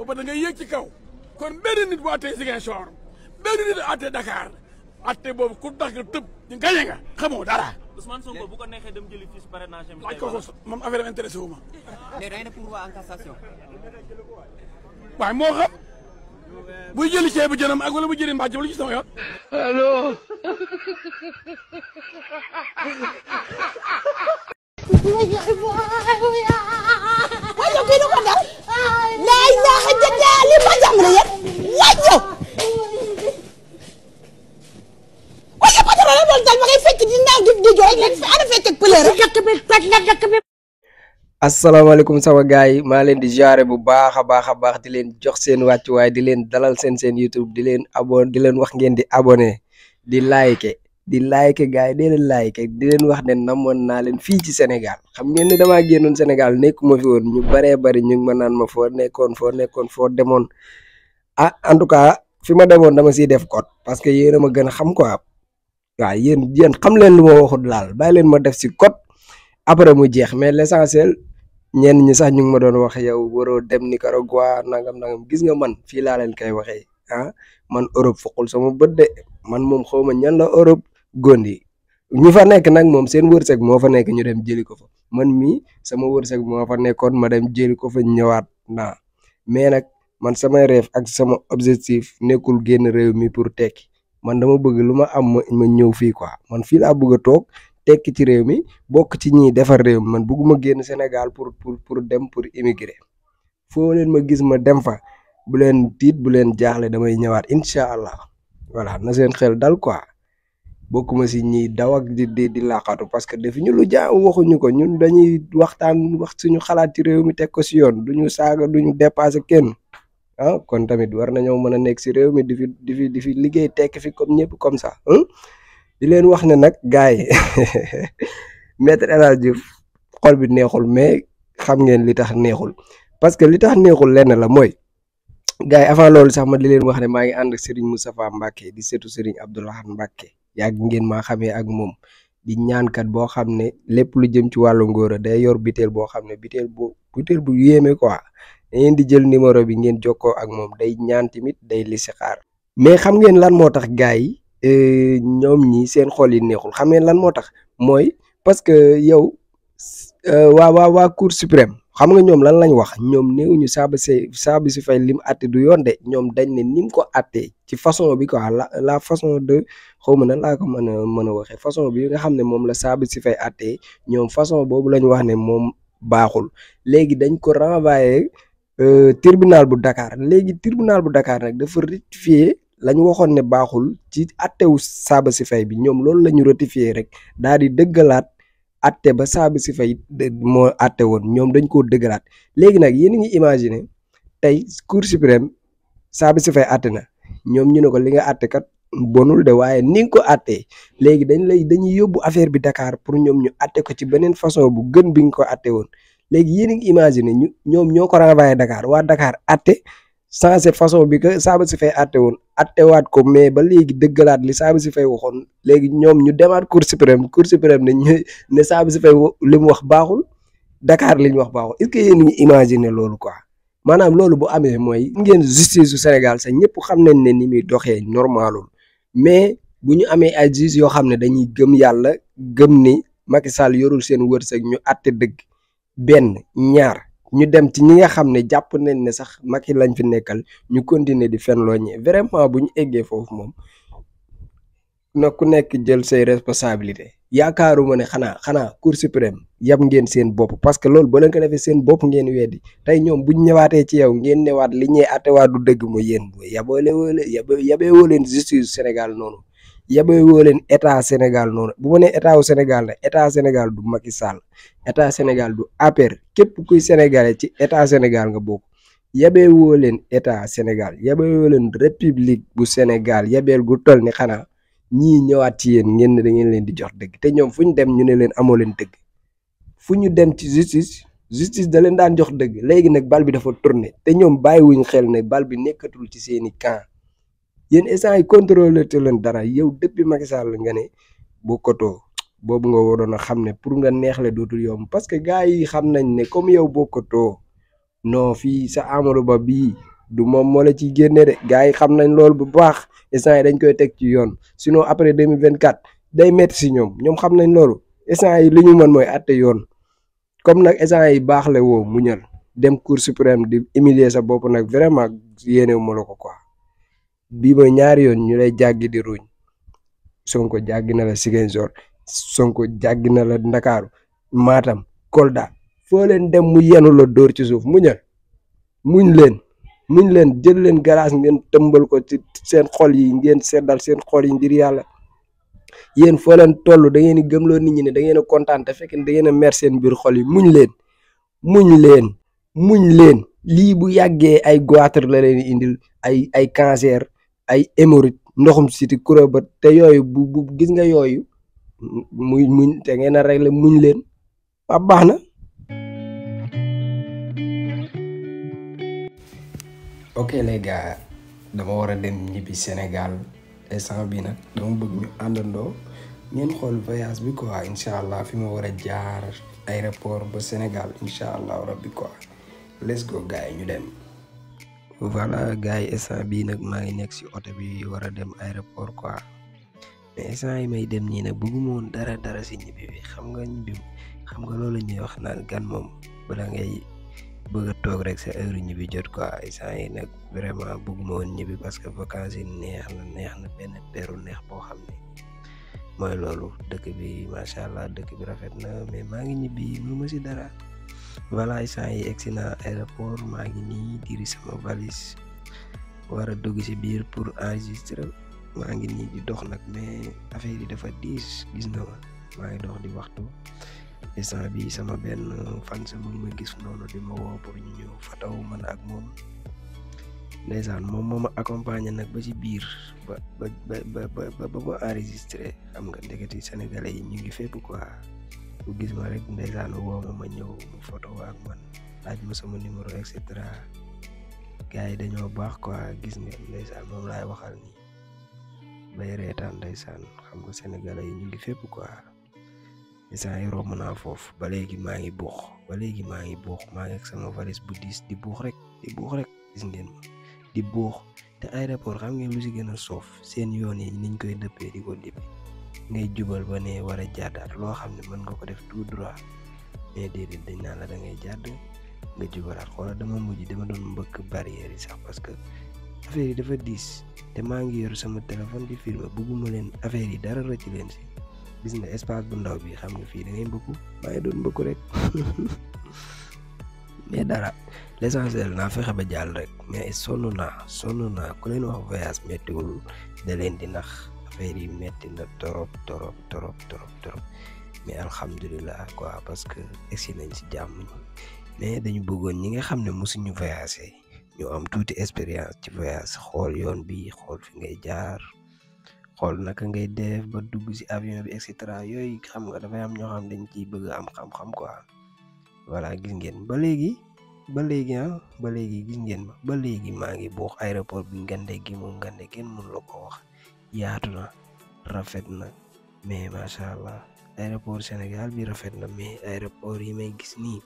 O pare é ngay yéeg ci kaw kon benn nit bu àttee Ziguinchor benn nit àttee Dakar àttee boobu ku tax nga tëb gañe nga xamoo dara. Sonko bu ko neexee dem jëli fiche parrainage laaj ko ko moom affaire am intéressé wu ma. mais day na pourvoi en cassation. waaye moo xam. buy jëli ceebu jënam ak wala bu jëli mbàjj wala ci sama yoon. jakk bi sama gars yi maa leen di jaare bu baax a baax a baax di leen jox seen wàccuwaay di leen dalal seen seen YouTube di leen abon di leen wax ngeen di abone di like di like gars yi dee leen di leen wax ne namoon naa leen fii ci Sénégal xam ngeen ne damaa génnoon Sénégal nekkuma fi woon ñu baree bari ñu ngi ma naan ma foo nekkoon foo nekkoon foo demoon ah en tout cas fi ma demoon dama siy def code parce que yéen a ma gën a xam quoi waaw yéen yéen xam leen lu ma waxut laal bàyyi leen ma def si code après mu jeex mais l' essentiel ñenn ñi sax ñu ngi ma doon wax yow waroo dem Nicaragua nangam nangam gis nga man fii laa leen koy waxee ah man Europe fuqul sama bët de man moom xaw ma ñan la Europe gondi ñi fa nekk nag moom seen wërsëg moo fa nekk ñu dem jëli ko fa man mi sama wërsëg moo fa nekkoon ma dem jëli ko fa ñëwaat naa mais nag man samay rêve ak sama objectif nekkul génn réew mi pour tekki man dama bëgg lu ma am ma ñëw fii quoi man fii laa bëgg a toog. tekki ci réew mi bokk ci ñiy defar réew man bugguma génn Sénégal pour pour pour dem pour immigré foo leen ma gis ma dem fa bu leen tiit bu leen jaaxle damay ñëwaat incha allah voilà na seen xel dal quoi ma si ñii daw ak di di di laqatu parce que defu ñu lu jaaw waxuñu ko ñun dañuy waxtaan wax suñu xalaat ci réew mi teg ko si yoon duñu saaga duñu dépassé kenn ah kon tamit war na nañoo mën a nekk si réew mi di fi di fi di liggéey tekki fi comme ñëpp comme ça. di leen wax ne nag gars yi maître El Hadji Diouf xol bi neexul mais xam ngeen li tax neexul parce que li tax neexul lenn la mooy gars yi avant loolu sax ma di leen wax ne maa ngi ànd ak Serigne Moustapha Mbacke di seetu Serigne Abdoulaye Mbacke yàgg ngeen maa xamee ak moom di ñaankat boo xam ne lépp lu jëm ci wàllu ngóor day yor biteel boo xam ne biteel bu biteel bu yéeme quoi da ngeen di jël numéro bi ngeen jokkoo ak moom day ñaan tamit day listixaar mais xam ngeen lan moo tax gars yi Eh, ñom ñi seen xol yi neexul xamé lan motax parce que yow euh, wa wa wa cour suprême xam nga ñom lan lañ wax nous sommes lim du yoon dañ né nim ko atté ci façon bi quoi la façon de xawma nan ko mëna mëna façon bi nga xamné mom la fay atté ñom façon bobu lañ wax né mom baaxul dañ ko euh, tribunal bu Dakar légui tribunal bu Dakar de dafa rectifier lañu ñu waxoon ne baaxul ci attewu saaba si fay bi ñoom loolu la ñu ratifié rek daal di dëggalaat atte ba saaba si fay moo atte woon ñoom dañ ko dëggalaat léegi nag yéen a ngi imaginer tey cour suprême saaba si fay atte na ñoom ñu ne ko li nga atte kat bonul de waaye ni ko atte léegi dañ lay dañuy yóbbu affaire bi dakaar pour ñoom ñu atte ko ci beneen façon bu gën bi nga ko atte woon léegi yéen a ngi imaginer ñu ñoom ñoo ko renvoyé Dakar waa Dakar atte sans façon bi que Saba si fay àtte woon àttewaat ko mais ba léegi dëggalaat li Saba si fay waxoon léegi ñoom ñu demaat cour suprême cour suprême ne ñu ne Saba si fay li mu wax baaxul Dakar li ñu wax baaxul est-ce que yéen ñu imaginer loolu quoi maanaam loolu bu amee mooy ngeen justice su Sénégal sax ñëpp xam nañ ne ni muy doxee normalul mais bu ñu amee ay juges yoo xam ne dañuy gëm yàlla gëm ni Macky Sall yorul seen wërsëg ñu àtte dëgg benn ñaar. ñu dem ci ñi nga xam ne jàpp nañ ne sax Macky lañ fi nekkal ñu continuer di fenloo ñi vraiment bu ñu eggee foofu moom na ku nekk jël say responsabilité yaakaaruma ne xanaa xanaa cour suprême yab ngeen seen bopp parce que loolu ba leen ko defee seen bopp ngeen weddi tey ñoom buñ ñëwaatee ci yow ngeen newaat li ñuy attewaat du dëgg mu yéen booy yaboo leen yabee woo leen justice Sénégal noonu yabay woo leen état Sénégal noonu bu ma état wu Sénégal nag état Sénégal du Macky Sall état Sénégal du APR képp kuy sénégalais ci état Sénégal nga bokk yabee woo leen état Sénégal yabee woo leen république bu Sénégal yabeel gu toll ni xanaa ñii ñëwaat ci yéen ngeen ne da ngeen leen di jox dëgg te ñoom fu ñu dem ñu ne leen amoo leen dëgg fu ñu dem ci justice justice da leen daan jox dëgg léegi nag bal bi dafa tourné te ñoom bàyyiwuñ xel ne bal bi nekkatul ci seeni camp yéen instant yi contrôlé te leen dara yow depuis Macky Sall nga ne bu koto boobu nga waroon a xam ne pour nga neexle dootul yoom parce que gars yi xam nañ ne comme yow bokkatoo non fii sa Amadou Ba bi du moom moo la ciy génne de gars yi xam nañ loolu bu baax instant yi dañ koy teg ci yoon sinon après 2024 day métti si ñoom ñoom xam nañ loolu instant yi li ñu mën mooy atte yoon comme nag instant yi baax la woo muñal dem cour suprême di humilier sa bopp nag vraiment yéenewu ma ko quoi bii mooy ñaari yoon ñu lay jàggi di ruuñ Sonko jàggi na la Ziguinchor Sonko jàggi na la Ndakaaru maatam Kolda foo leen dem mu yenu la dóor ci suuf muñal muñ leen muñ leen jël leen galaas ngeen tëmbal ko seen xol yi ngeen seddal seen xol yi ngir yàlla yéen foo leen toll da ngeen di gëmloo nit ñi ne da a kontaan te fekk da ngeen a mer seen biir xol yi muñ leen muñ leen muñ leen lii bu yàggee ay goitre la leen indil ay ay cancer ay hémorroïdes ndoxum siti kuré ba te yooyu bu bu gis nga yooyu muy mu te ngeen a régler muñ leen waaw baax na. ok les gars dama war a dem ñibbi Sénégal instant bi nag dama bëgg ñu àndandoo ngeen xool voyage bi quoi incha allah fi ma war a jaar aéroport ba Sénégal incha allah rabbi quoi let's go gars yi ñu dem. voilà gars yi instant bi nak ma ngi nek ci auto bi wara dem aéroport quoi mais instant yi may dem ni nak bëgguma mo dara dara ci ñibi bi xam nga ñibbi xam nga loolu ñuy wax naan gan moom bala ngay bëgg a toog rek sa heure ñibi jot quoi instant yi nak vraiment bëgguma mo ñibi parce que vacances yi neex na neex na benn peru neex boo xam ne mooy loolu dëkk bi macha allah dëkk bi rafet na mais maa ngi ñibbi mënu ma si dara vala isai exina aéroport ma ngi diri sama valise wara a dugg ci bir pour enregistrer ma ngi di dox nak mais affaire yi dafa diis gis na ma maa dox di waxtu instant bi sama ben fan sa mo ma gis di ma wo pour ñu ñëw fataw man ak mom ndeysaan mom moo accompagner nak ba ci bir ba ba ba ba ba ba enregistré xam nga ndegati sénégalais yi ñu ngi fépp quoi ku gis ma rek ndeysaan woo ma ma ñëw mu photo ak man laaj ma sama numéro et cetera gars yi dañoo baax quoi gis nga ndeysaan moom laay waxal nii bay reetaan ndeysaan xam nga sénégalais yi ñu ngi fépp quoi ndeysaan yi romb naa foofu ba léegi maa ngi buux ba léegi maa ngi buux maa ngi ak sama valise bu diis di buux rek di buux rek gis ngeen ma di buux te aéroport xam ngeen lu si gën a soof seen yoon yi niñ koy dëppee di ko dëppee ngay jubal ba ne war a jàddaat loo xam ne mën nga ko def tout droit mais déedéet dañ naan la da ngay jàdd nga jubalaat xoola dama mujj dama doon mbëkk barrière yi sax parce que affaire yi dafa diis te maa ngi yor sama téléphone di filmer bëgguma leen affaire yi dara rëcc leen si gis nga espace bu ndaw bi xam nga fii da ngay mbëkku maa ngi doon mbëkku rek mais dara l'essentiel naa fexe ba jàll rek mais sonn naa sonn naa ku leen wax voyage méttiwul da leen di nax affaire yi metti na torop torop torop torop torop mais alhamdullilah quoi parce que egsi nañ ci jamm ñi mais dañu bëggoon ñi nga xamne ne ñu voyager ñu am toute expérience ci voyage xol yoon bi xol fi ngay jaar xol naka ngay def ba dugg ci avion bi et cetera yooyu xam nga dafay am ño xam dañ ci bëgg am xam-xam quoi voilà gis ngeen ba légui ba légui ha ba légui gis ngeen ma ba légui ma ngi buux aéroport bi ngandé gi mo ngandé kenn mënu lako wax yaatu na rafet na mais macha allah aéroport Sénégal bi rafet na mais aéroport yi may gis nii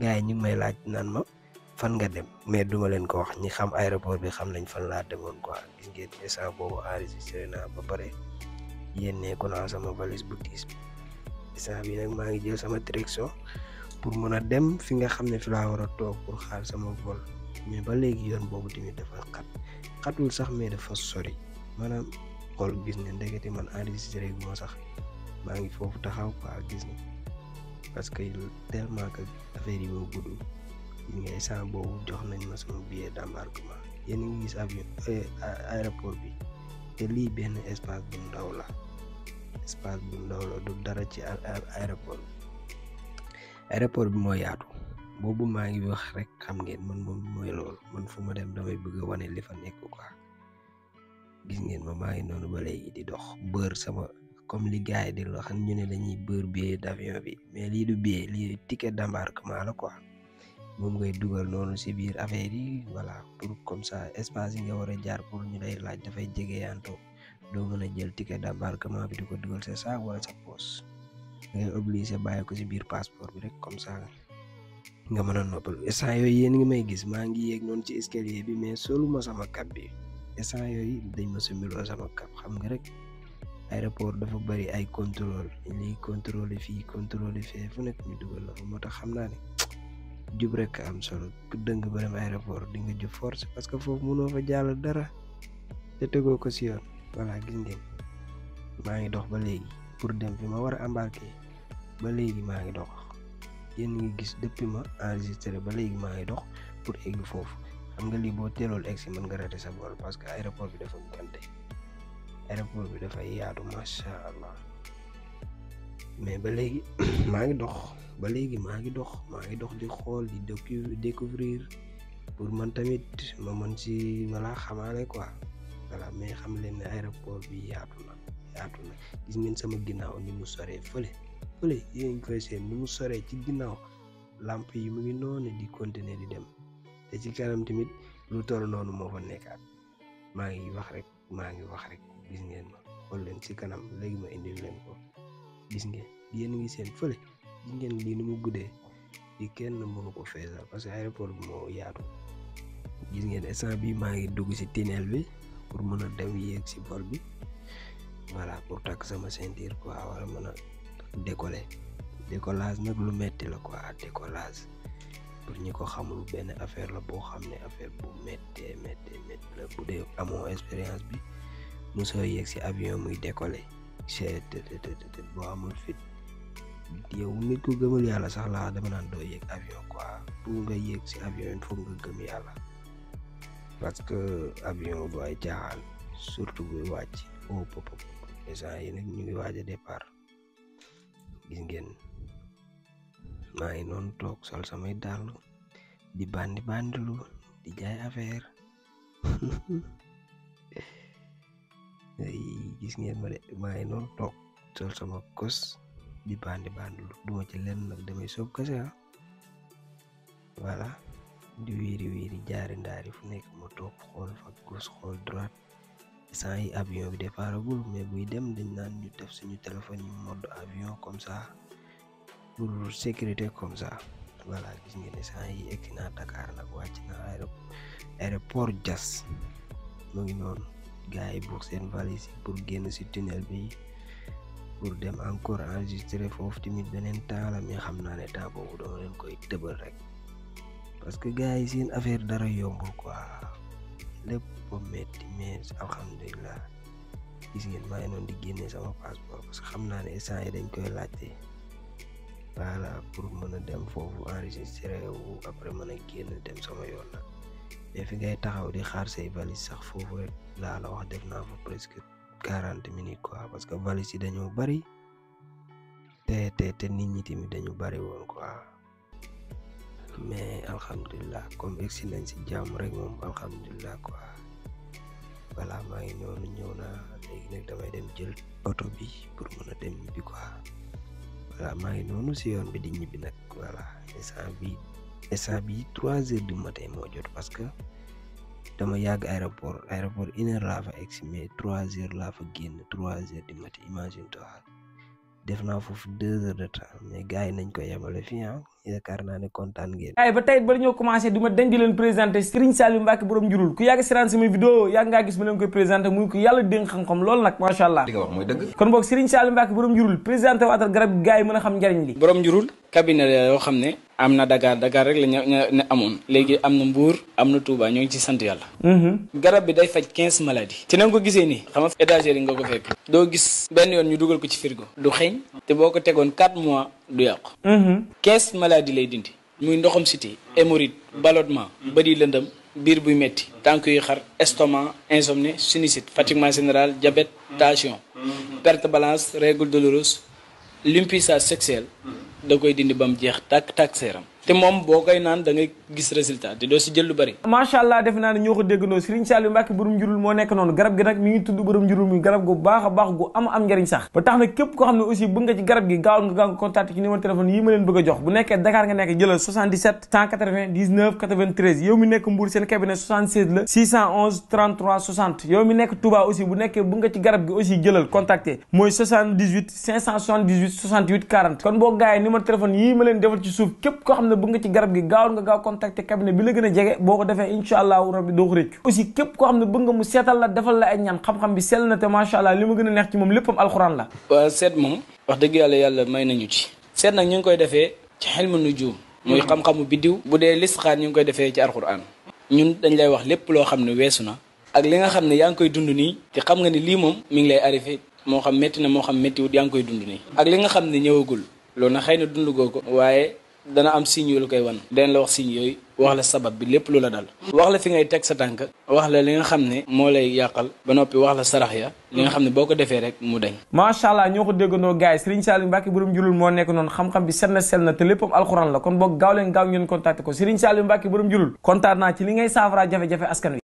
gars yi ñu may laaj naan ma fan nga dem mais duma leen ko wax ñi xam aéroport bi xam nañ fan laa demoon quoi gis ngeen instant boobu enregistré naa ba pare yénnee ko naa sama valise bu tiis bi instant bi nag maa ngi jël sama direction pour mën a dem fi nga xam ne fi laa war a toog pour xaar sama vol mais ba léegi yoon boobu tamit dafa xat xatul sax mais dafa sori manam xol gis ne ndegeti man enregistré bi mo sax ma ngi fofu taxaw quoi gis ne parce que tellement que affaire yi moo gudu yi ngay sa bo jox nañ ma sama billet d'embarquement yene ngi gis avion aéroport bi te lii ben espace bu ndaw la espace bu ndaw la du dara ci aéroport aéroport bi mo yaatu bobu ma ngi wax rek xam ngeen man moom moy loolu man fuma dem damay bëgg a wane li fa nekk quoi gis ngeen ma maa ngi noonu ba léegi di dox bër sama comme li gars yi di la xam ñu ne dañuy bër billet avion bi mais lii du billet lii ticket d' embarquement la quoi moom ngay dugal noonu si biir affaire yi voilà pour comme ça espace yi nga war a jaar pour ñu lay laaj dafay jege jegeyantoo doo mën a jël ticket d' embarquement bi di ko dugal sa saak wala sa poche ngay obligé bàyyi ko si biir passeport bi rek comme ça nga mën a noppalu instant yooyu yéen ngi may gis maa ngi yéeg noonu ci escalier bi mais solu ma sama cab bi instant yooyu dañ ma sumbir sama kap xam nga rek aéroport dafa bari ay contrôle ñuy contrôle fii contrôle fee fu nekk ñu dugal la moo tax xam naa ne jub rek am solo ku dëng ba aéroport di nga jub force parce que foofu mënoo fa jàll dara te tegoo ko si yoon voilà gis ngeen maa ngi dox ba léegi pour dem fi ma war a embarqué ba léegi maa ngi dox yéen ngi gis depuis ma enregistré ba léegi maa ngi dox pour egg foofu xam nga li bo telol ex man nga rater sa bool parce que aéroport bi dafa gante aéroport bi dafa yaatu macha allah mais ba légui ma ngi dox ba légui ma ngi dox ma ngi dox di xol iya, di découvrir pour man tamit iya, ma iya, man ya, ci wala xamalé quoi wala mais xam leen aéroport bi yaatu na yaatu na gis ngeen sama ginnaw ni mu soree feulé feulé yeen koy seen ni mu soree ci ginnaw lampe yi mu ngi noné di continuer di dem te ci kanam tamit lu toll noonu moo fa nekkaat maa ngi wax rek maa ngi wax rek gis ngeen ma xool leen ci kanam léegi ma indil leen ko gis ngeen yéen ngi seen fële lii ni mu guddee di kenn mënu ko feesal parce que aéroport bi moo yaatu gis ngeen instant bi maa ngi dugg ci tunnel bi pour mën a dem yéeg ci vol bi voilà pour takk sama ceinture quoi war a mën a décoller décollage nag lu metti la quoi décollage pour ñi ko xamul benn affaire la boo xam ne affaire bu méttee méttee méttee la bu dee amoo expérience bi mosoo yegg si avion muy décoller c'est boo amul fit yow nit ku gëmul yàlla sax laa dama naan doo yéeg avion quoi pour nga yéeg si avion il faut nga gëm yàlla parce que avion du ay caaxaan surtout buy wàcc oh pop pop les gens yi nag ñu ngi waaj a départ gis ngeen. main non soal sama samay lu di bandi lu di jay Aver gis ngeen ma de maay non tok sol sama kos di bandi bandulu duma ci len nak demay sop kasse ya. wala wala di wiri wiri jaari ndari fu nek mo tok xol fa kos xol droit sans avion bi déparagul mais buy dem dañ nan ñu def suñu téléphone yi mode avion comme ça pour sécurité comme ça voilà gis ngeen ne yi egg naa Dakar nag wàcc naa aéroport Diass mu ngi noonu gars yi buux seen valise pour génn si tunnel bi pour dem encore enregistré foofu tamit beneen temps la xam naa ne temps boobu dama leen koy tëbal rek parce que gars yi seen affaire dara yombul quoi lépp ba metti mais alhamdulilah gis ngeen maa ngi noonu di génne sama passeport parce que xam naa ne saa yi dañ koy laajte. paa pour mën a dem foofu enregistré wu après mën a génn dem sama yoon nag mais fi ngay taxaw di xaar say valise sax foofu rek laa la wax def naa fa presque 40 minutes quoi parce que valise yi dañoo bari te te te nit ñi tamit dañu bari woon quoi mais alhamdulillah comme egsi nañ si jàmm rek moom alhamdulillah quoi voilà maa ngi noonu ñëw naa léegi nag damay dem jël oto bi pour mën dem bi quoi voilà maa ngi noonu si yoon bi di ñibbi nag voilà instant bi instant bi trois heures du matin moo jot parce que dama yàgg aéroport aéroport une heure laa fa mais trois heures laa fa génn trois heures du matin imagine toi def naa foofu deux heures de temps mais gars yi nañ ko yemale fii yaakaar naa ne kontaan gitu. ngeen waaye ba tey bala ñoo commencé du ma dañ di leen présenté Serigne Saliou Mbacke borom jurul ku yàgg siraan sama vidéo yàgg ngaa gis ma leen koy présenté muy ko yàlla dénk xam-xam loolu nag macha allah li nga wax mooy dëgg kon boog Serigne Saliou Mbacke borom jurul présenté waatal garab gars yi mën a xam njariñ li borom jurul cabinet la yoo xam ne am na Dakar Dakar rek la ñu amoon léegi am na Mbour am na Touba ñoo ngi ci sant yàlla mhm. garab bi day faj quinze maladies ci na nga ko gisee nii xam nga étagère nga ko fekk doo gis benn yoon ñu dugal ko ci frigo du xeeñ te boo ko tegoon mois Qu'est-ce maladie lay dindi. muy les cité les ballonnement les les metti xar estomac insomnie sinusite fatigue général diabète tension perte balance règle douloureuse l'impuissance sexuelle da koy dindi bam jeex te moom boo koy naan da ngay gis résultat te doo si jël lu bëri macha allah defe naa ne ñoo ko déggandoo Serigne Saliou Mbacke borom njurul moo nekk noonu garab gi nag mi ngi tudd borom njurul muy garab gi gaawal nga gaaw nga contacté ci numéro téléphone yi ma leen defal ci suuf képp koo xam ne bëgg nga ci garab gi gaaw nga gaaw contacter cabinet bi la gën a jege boo ko defee incha allahu rabbi doo ko aussi képp koo xam ne bëgg nga mu seetal la defal la ay ñaan xam-xam bi sell na te macha allah li ma gën a neex ci moom léppam alxuraan la waaw seet moom wax dëgg yàlla yàlla may nañu ci seet nag ñu ngi koy defee ci xilmu nujum muy xam-xamu biddiw bu dee listixaar ñu ngi koy defee ci alxuraan ñun dañ lay wax lépp loo xam ne weesu na ak li nga xam ne yaa ngi koy dund nii te xam ni lii moom mi ngi lay arrivé moo xam métti na moo xam méttiwut yaa ngi koy dund nii ak li nga xam ne ñëwagul xëy na dund goo ko dana am signe yu la koy wan den la wax signe yooyu wax la sabab bi lépp lu la dal wax la fi ngay teg sa tànk wax la li nga xam ne moo lay yàqal ba noppi wax la sarax ya li nga xam ne boo ko defee rek mu dañ macha allah ñoo ko déggandoo gars yi Serigne Saliou Mbacke borom julul moo nekk noonu xam-xam bi set na sel na te léppam alxuraan la kon boog gaaw leen gaaw ngeen contacté ko Serigne Saliou Mbacke borom julul kontaan naa ci li ngay saafara jafe wi